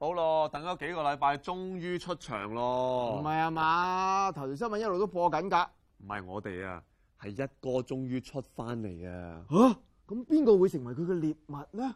好咯，等咗幾個禮拜，終於出場咯。唔係啊嘛，頭條新聞一路都播緊噶。唔係我哋啊，係一哥終於出翻嚟啊。吓，咁邊個會成為佢嘅獵物咧？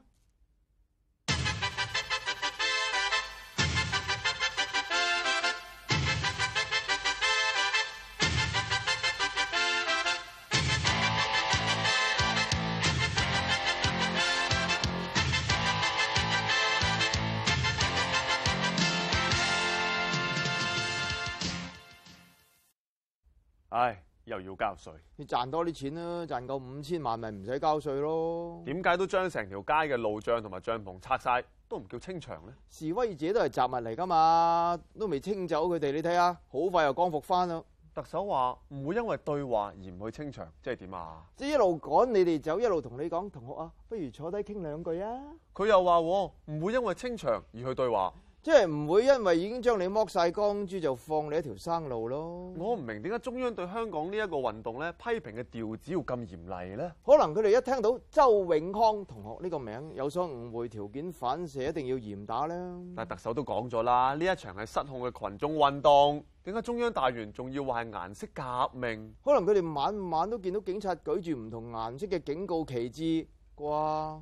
又要交稅，你賺多啲錢啦，啊，賺夠五千萬咪唔使交稅咯。點解都將成條街嘅路障同埋帳篷拆晒，都唔叫清場咧？示威者都係雜物嚟㗎嘛，都未清走佢哋，你睇下，好快又光復翻啦。特首話唔會因為對話而唔去清場，即係點啊？即一路趕你哋走，一路同你講，同學啊，不如坐低傾兩句啊。佢又話唔、哦、會因為清場而去對話。即係唔會因為已經將你剝晒光珠就放你一條生路咯。我唔明點解中央對香港呢一個運動咧批評嘅調子要咁嚴厲咧？可能佢哋一聽到周永康同學呢個名有所誤會，條件反射一定要嚴打咧。但特首都講咗啦，呢一場係失控嘅群眾運動，點解中央大員仲要話係顏色革命？可能佢哋晚晚都見到警察舉住唔同顏色嘅警告旗幟啩？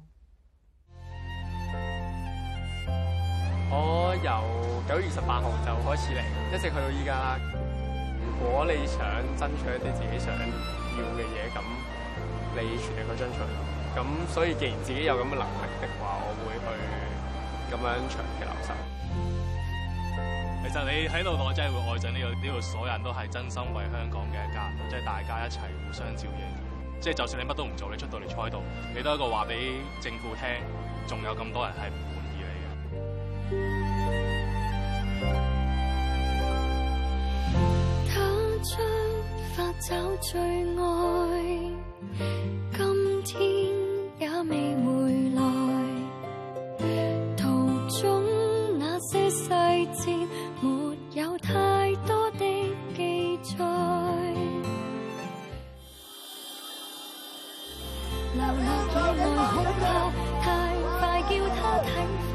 我由九月二十八號就開始嚟，一直去到依家啦。如果你想爭取一啲自己想要嘅嘢，咁你全力去爭取。咁所以，既然自己有咁嘅能力的話，我會去咁樣長期留守。其實你喺度，我真係會愛上呢度，呢度所有人都係真心為香港嘅一家，即係大家一齊互相照應。即係就算你乜都唔做，你出到嚟坐喺度，你都係一個話俾政府聽，仲有咁多人係。他出發找最愛，今天也未回來。途中那些細節，沒有太多的記載。流浪在外，恐怕太快叫他體化。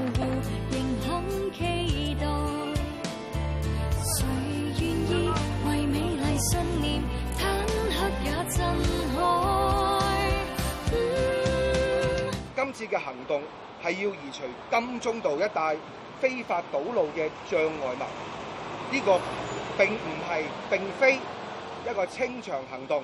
信念坦克也震開、嗯、今次嘅行動係要移除金鐘道一帶非法堵路嘅障礙物，呢、這個並唔係，並非一個清場行動。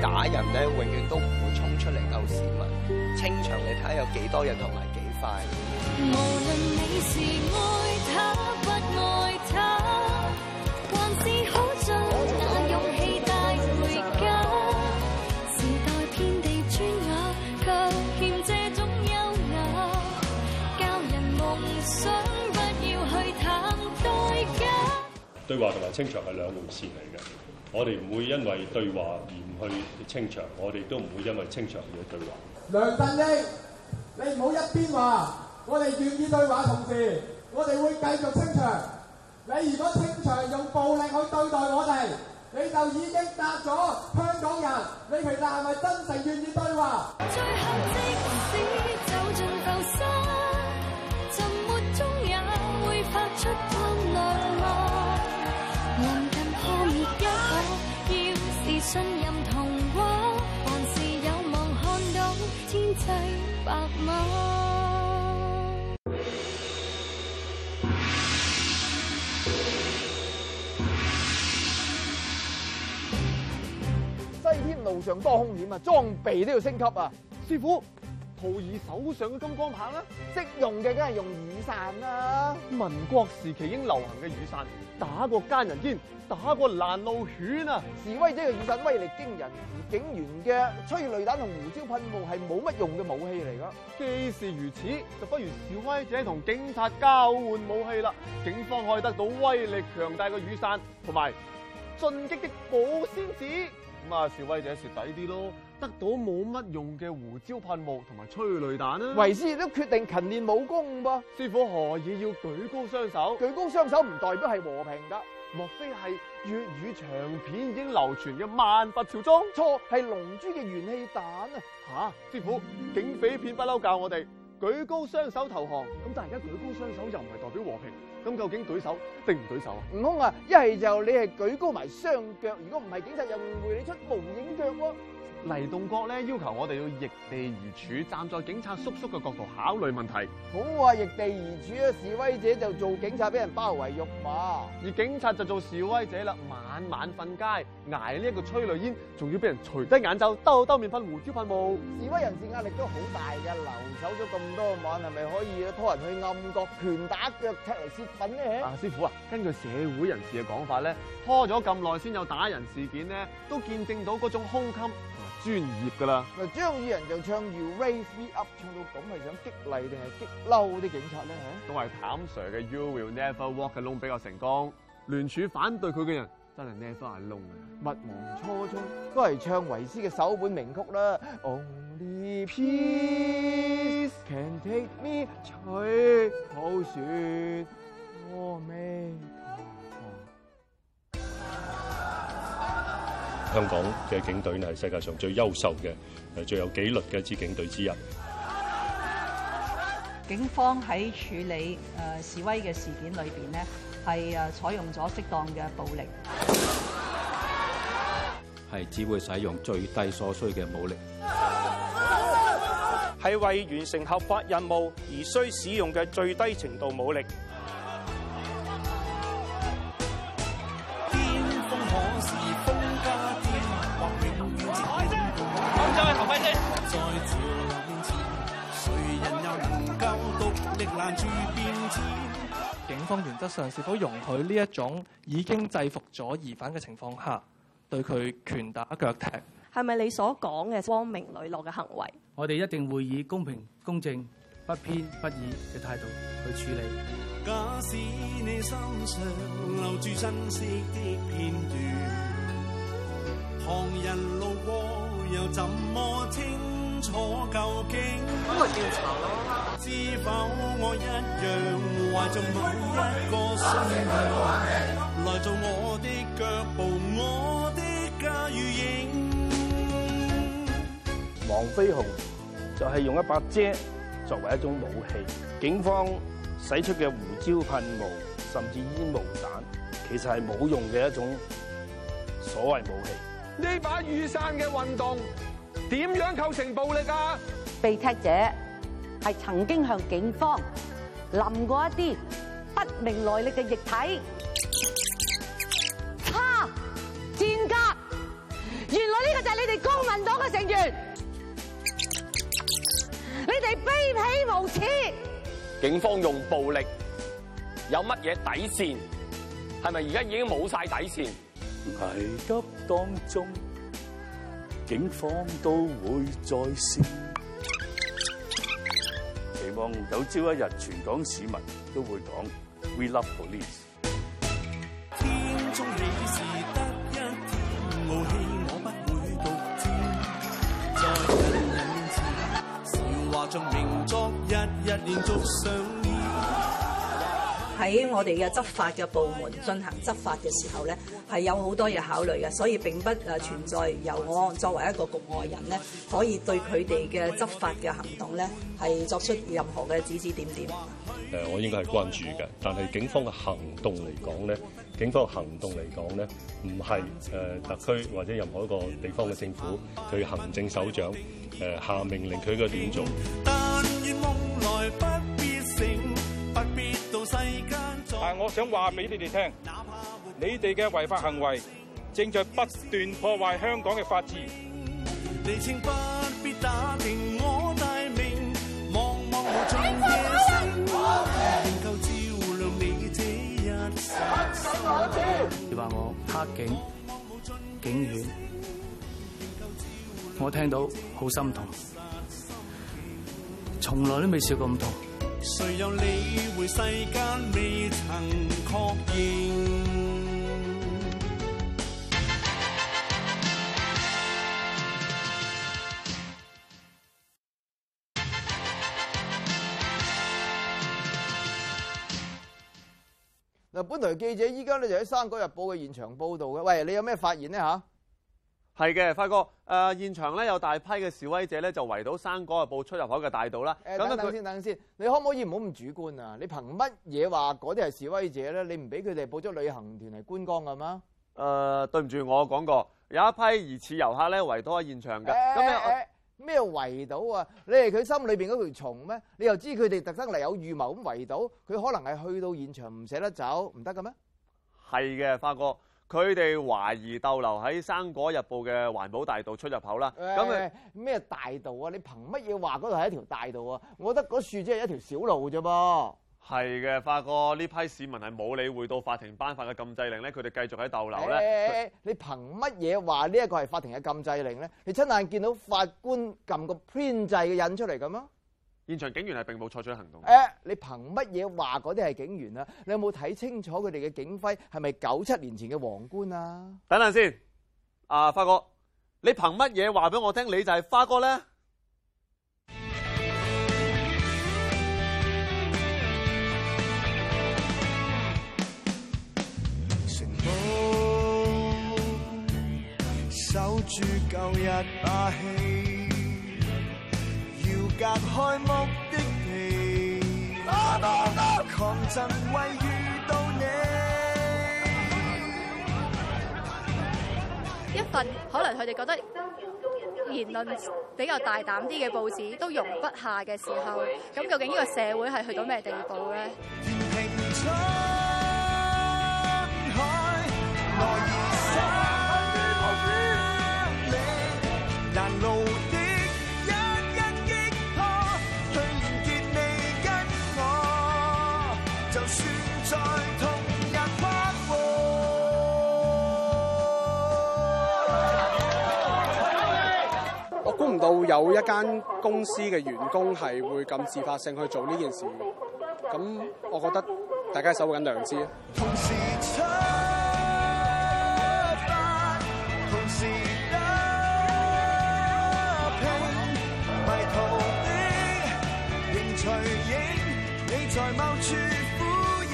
假人咧，永遠都唔會衝出嚟救市民、清場。你睇下有幾多人同埋幾快？無論你是愛他不愛他，還是好盡那勇氣帶回家。時代遍地磚瓦，卻欠這種優雅，教人夢想不要去談代價。對話同埋清場係兩回事嚟嘅。我哋唔會因為對話而唔去清場，我哋都唔會因為清場而對話。梁振英，你唔好一邊話我哋願意對話，同時我哋會繼續清場。你如果清場，用暴力去對待我哋，你就已經答咗香港人，你其實係咪真實願意對話？最後西天路上多凶險啊，裝備都要升級啊，師父。徒兒手上嘅金光棒啦、啊，識用嘅梗係用雨傘啦、啊。民國時期已經流行嘅雨傘，打過奸人煙，打過攔路犬啊！示威者嘅雨傘威力驚人，警員嘅催淚彈同胡椒噴霧係冇乜用嘅武器嚟、啊、噶。既是如此，就不如示威者同警察交換武器啦。警方可以得到威力強大嘅雨傘，同埋進擊的保鮮紙。咁、嗯、啊，示威者蝕底啲咯。得到冇乜用嘅胡椒噴霧同埋催淚彈啦，為師亦都決定勤練武功噃、啊。師傅何以要舉高雙手？舉高雙手唔代表係和平噶。莫非係粵語長片已經流傳嘅萬佛朝宗？錯，係龍珠嘅元氣彈啊！吓、啊，師傅，警匪片不嬲教我哋舉高雙手投降，咁但係而家舉高雙手又唔係代表和平，咁究竟舉手定唔舉手啊？悟空啊，一係就你係舉高埋雙腳，如果唔係警察又誤會你出無影腳喎、啊。黎棟國咧要求我哋要易地而處，站在警察叔叔嘅角度考慮問題。好啊，易地而處啊，示威者就做警察俾人包圍辱罵，而警察就做示威者啦，晚晚瞓街，挨呢一個催淚煙，仲要俾人除低眼罩，兜兜面噴胡椒噴霧。示威人士壓力都好大噶留守咗咁多晚，係咪可以拖人去暗角拳打腳踢嚟泄憤咧？啊，師傅啊，根據社會人士嘅講法咧，拖咗咁耐先有打人事件咧，都見證到嗰種胸襟。專業噶啦！嗱，張宇人就唱《You Raise Me Up》，唱到咁係想激勵定係激嬲啲警察咧吓？都係譚 Sir 嘅 You Will Never Walk Alone 比較成功。聯署反對佢嘅人真係 Never Alone 啊！勿忘、啊、初衷，都係唱維斯嘅首本名曲啦。Only Peace Can Take Me，取好説我未？香港嘅警隊咧係世界上最優秀嘅、誒最有紀律嘅一支警隊之一。警方喺處理誒示威嘅事件裏邊，呢係誒採用咗適當嘅暴力，係只會使用最低所需嘅武力，係為完成合法任務而需使用嘅最低程度武力。方原則上是否容許呢一種已經制服咗疑犯嘅情況下對佢拳打腳踢，係咪你所講嘅光明磊落嘅行為？我哋一定會以公平、公正、不偏不倚嘅態度去處理。假使你心上留住珍惜的片段，旁人路過又怎麼聽？究竟是否我要查啦！黃飛鴻就係用一把遮作為一種武器，警方使出嘅胡椒噴霧甚至煙霧彈，其實係冇用嘅一種所謂武器。呢把雨傘嘅運動。點樣構成暴力啊？被踢者係曾經向警方淋過一啲不明來歷嘅液體，叉劍格，原來呢個就係你哋公民黨嘅成員，你哋卑鄙無恥！警方用暴力，有乜嘢底，底線？係咪而家已經冇晒底線？危急當中。警方都會再生，期望有朝一日全港市民都會講，We love police。喺我哋嘅執法嘅部門進行執法嘅時候咧，係有好多嘢考慮嘅，所以並不誒存在由我作為一個局外人咧，可以對佢哋嘅執法嘅行動咧，係作出任何嘅指指點點誒、呃，我應該係關注嘅，但係警方嘅行動嚟講咧，警方嘅行動嚟講咧，唔係誒特區或者任何一個地方嘅政府佢行政首長誒、呃、下命令佢嘅點做，但願夢來不。我想話俾你哋聽，你哋嘅違法行為正在不斷破壞香港嘅法治。你請不必打定我大名，茫茫無盡嘅星，仍照亮你這一生。你話我黑警警犬，我聽到好心痛，從來都未受過咁痛。誰又理會世間未曾確認？嗱，本台記者依家咧就喺《三國日報》嘅現場報道嘅，喂，你有咩發現呢吓？係嘅，發哥，誒、呃、現場咧有大批嘅示威者咧，就圍到生果日報出入口嘅大道啦。誒、嗯嗯，等等先，等先，你可唔可以唔好咁主觀啊？你憑乜嘢話嗰啲係示威者咧？你唔俾佢哋報咗旅行團嚟觀光嘅嘛？誒、呃，對唔住，我講過有一批疑似遊客咧圍到喺現場㗎。咁咩咩圍到啊？你係佢心裏邊嗰條蟲咩？你又知佢哋特登嚟有預謀咁圍到，佢可能係去到現場唔捨得走，唔得嘅咩？係嘅，發哥。佢哋懷疑逗留喺《生果日報》嘅環保大道出入口啦。咁、欸、咩大道啊？你憑乜嘢話嗰度係一條大道啊？我覺得嗰樹只係一條小路啫噃。係嘅，發哥，呢批市民係冇理會到法庭頒發嘅禁制令咧，佢哋繼續喺逗留咧、欸。你憑乜嘢話呢一個係法庭嘅禁制令咧？你親眼見到法官撳個編制嘅印出嚟咁啊？現場警員係並冇採取行動。誒、啊，你憑乜嘢話嗰啲係警員啊？你有冇睇清楚佢哋嘅警徽係咪九七年前嘅皇冠啊？等等先，啊花哥，你憑乜嘢話俾我聽你就係花哥咧？全部守住舊日霸氣。隔開目的你，震遇到一份可能佢哋覺得言論比較大膽啲嘅報紙都容不下嘅時候，咁究竟呢個社會係去到咩地步咧？有一間公司嘅員工係會咁自發性去做呢件事，咁我覺得大家在守緊良知啊！同時出發，同時打拼，迷途的應隨影，你在某處呼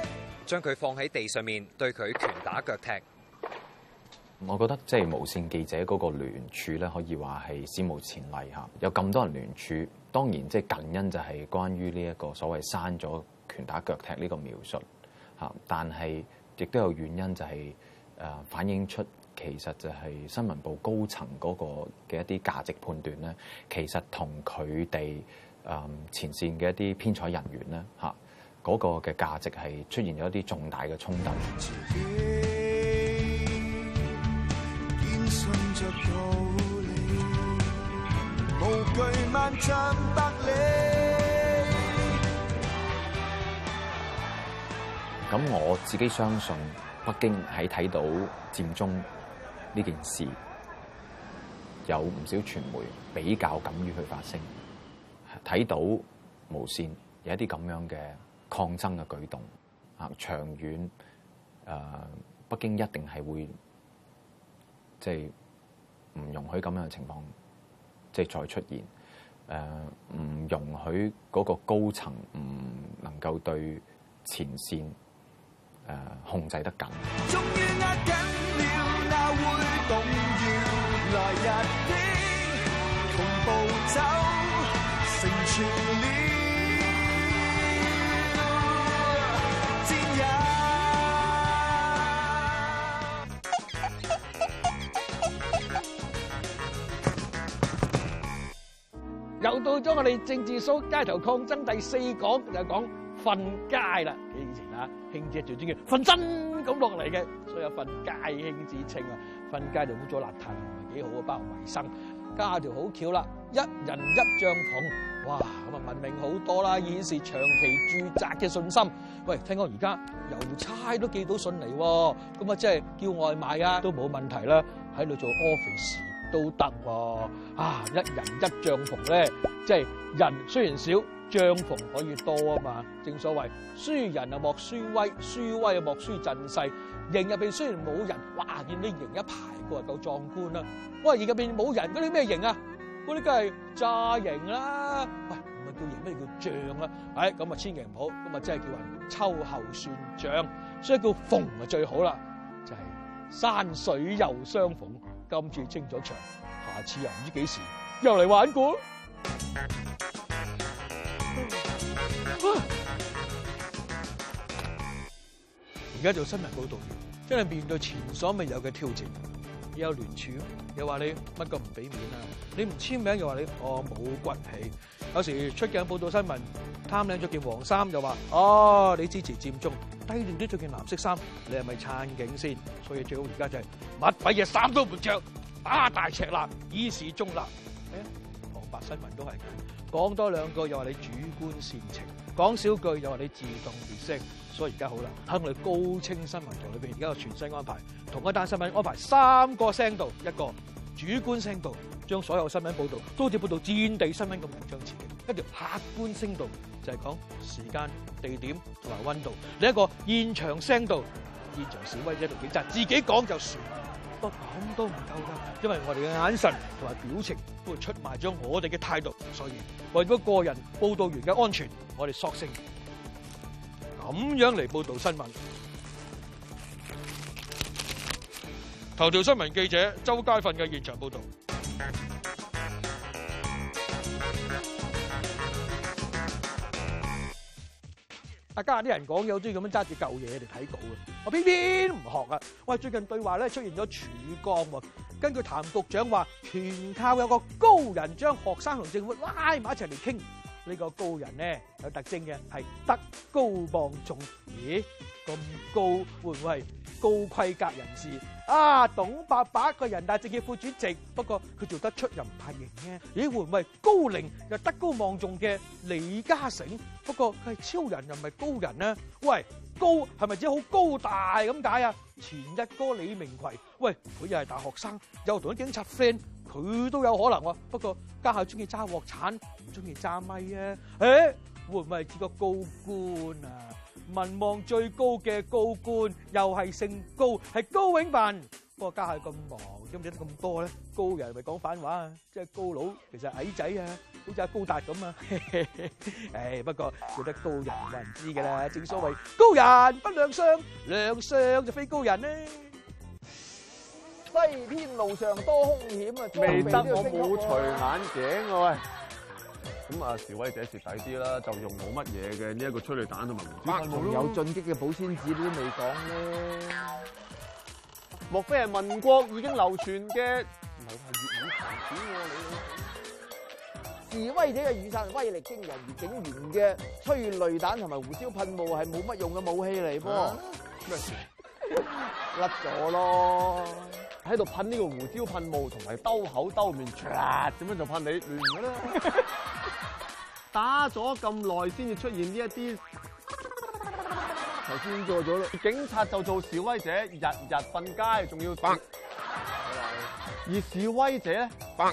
應，將佢放喺地上面，對佢拳打腳踢。我覺得即係無線記者嗰個聯署咧，可以話係史無前例嚇。有咁多人聯署，當然即係近因就係關於呢一個所謂刪咗拳打腳踢呢個描述嚇，但係亦都有原因就係誒反映出其實就係新聞部高層嗰個嘅一啲價值判斷咧，其實同佢哋誒前線嘅一啲編採人員咧嚇嗰個嘅價值係出現咗一啲重大嘅衝突。咁我自己相信，北京喺睇到佔中呢件事，有唔少傳媒比較敢於去發聲，睇到無綫有一啲咁樣嘅抗爭嘅舉動，啊，長遠誒、呃，北京一定係會即係。唔容許咁樣嘅情況即係再出現，誒、呃、唔容許嗰個高層唔能夠對前線、呃、控制得緊。又到咗我哋政治 show 街頭抗爭第四講，就講瞓街啦。幾年前啊，兄姐最中意瞓真咁落嚟嘅，所以有瞓街兄之稱啊。瞓街就污糟邋遢，唔係幾好啊，包括衞生。加條好巧啦，一人一帳篷，哇咁啊文明好多啦，以示長期住宅嘅信心。喂，聽講而家郵差都寄到信嚟喎，咁啊即係叫外賣啊都冇問題啦，喺度做 office。都得喎，啊！啊，一人一帳篷咧，即係人雖然少，帳篷可以多啊嘛。正所謂輸人啊莫輸威，輸威啊莫輸陣勢。營入面雖然冇人，哇！見啲營一排喎，夠壯觀啦。我話入邊冇人，嗰啲咩營啊？嗰啲梗係詐營啦。喂，唔係叫營，乜叫帳啊？唉、啊，咁啊、哎、千祈唔好，咁啊真係叫人秋後算賬，所以叫逢啊最好啦，就係、是、山水又相逢。今次清咗場，下次又唔知幾時又嚟玩過。而家做新聞報道員，真係面對前所未有嘅挑戰。有聯署，又話你乜咁唔俾面啊？你唔簽名，又話你我冇骨氣。有時出鏡報導新聞。貪靚着件黃衫就話：哦，你支持佔中；低段都着件藍色衫，你係咪撐警先？所以最好而家就係乜鬼嘢衫都唔着，打、啊、大赤鱲，以示中立。誒、欸，黃白新聞都係咁講多兩句又話你主觀煽情，講少句又話你自動滅聲。所以而家好啦，喺我哋高清新聞台裏邊，而家有全新安排，同一單新聞安排三個聲道，一個主觀聲道，將所有新聞報導都似報導戰地新聞咁樣張持；一條客觀聲道。就係、是、講時間、地點同埋溫度，另一個現場聲度，現場示威者對警察，自己講就算，都咁都唔夠噶，因為我哋嘅眼神同埋表情都會出賣咗我哋嘅態度，所以為咗個人報道員嘅安全，我哋索性咁樣嚟報道新聞。頭條新聞記者周佳訓嘅現場報道。家啲人講嘅，好中意咁樣揸住舊嘢嚟睇稿啊，我偏偏唔學啊！喂，最近對話咧出現咗曙光啊，根據譚局長話，全靠有個高人將學生同政府拉埋一齊嚟傾。呢、這個高人咧有特徵嘅係德高望重，咦咁高會唔會係高規格人士？啊，董伯伯個人大政協副主席，不過佢做得出又唔係型嘅，咦會唔會高齡又德高望重嘅李嘉誠？不過佢係超人又唔係高人咧？喂，高係咪指好高大咁解啊？前一哥李明逵，喂佢又係大學生，又同佢警察 friend。佢都有可能，不過家下鍾意揸鑊鏟，唔鍾意揸咪呀？咦，會唔會係似個高官啊？民望最高嘅高官，又係姓高，係高永文。佢家下咁忙，咁得咁多呢？ 西天路上多凶險啊！未得我冇除眼鏡啊喂！咁啊，示威者蝕底啲啦，就用冇乜嘢嘅呢一個催淚彈同埋胡椒噴霧、啊、有進擊嘅保鮮紙都未講咧，莫非係民國已經流傳嘅？唔係粵語牌子喎你、啊！示威者嘅雨傘威力驚人，而警員嘅催淚彈同埋胡椒噴霧係冇乜用嘅武器嚟噃。啊甩咗咯，喺度噴呢個胡椒噴霧同埋兜口兜面，刷點樣就噴你亂噶啦！ 打咗咁耐先至出現呢一啲，頭先做咗啦。警察就做示威者，日日瞓街，仲要扮。而示威者咧，扮。